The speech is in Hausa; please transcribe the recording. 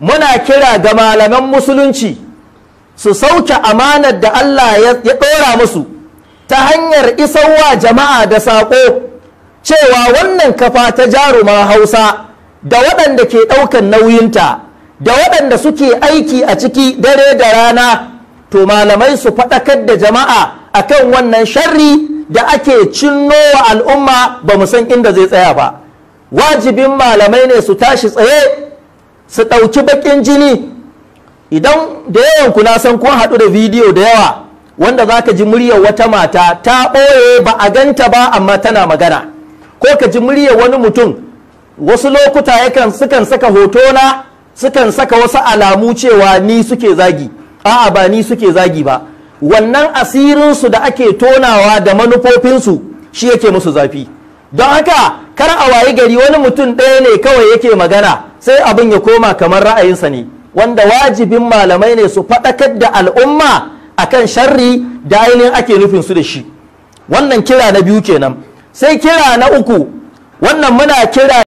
muna kira ga malaman musulunci su sauke amanar da Allah ya ɗora musu ta hanyar isarwa jama'a da saƙo cewa wannan kafa ta jaruma hausa da waɗanda ke ɗaukan nauyinta da waɗanda suke aiki a ciki dare da rana to malamai su faɗakar da jama'a akan wannan sharri da ake cinnowa al'umma ba san inda zai tsaya ba wajibin malamai ne su tashi tsaye su ɗauki baƙin jini idan da yawan kuna san kun haɗu da bidiyo da yawa wanda za ka ji muryar wata mata ta ɓoye ba a ganta ba amma tana magana ko ka ji muryar wani mutum wasu lokuta yakan sukan saka hotona sukan saka wasu alamu cewa ni suke zagi a'a ba ni suke zagi ba wannan asirinsu da ake tonawa da manufofinsu shi yake musu zafi don haka kar a wayi gari wani mutum ɗaya ne kawai yake magana sai abin ya koma kamar ra'ayinsa ne wanda wajibin malamai ne su faɗakar da al'umma akan sharri da ainihin ake nufin su da shi wannan kira na biyu kenan sai kira na uku wannan muna kira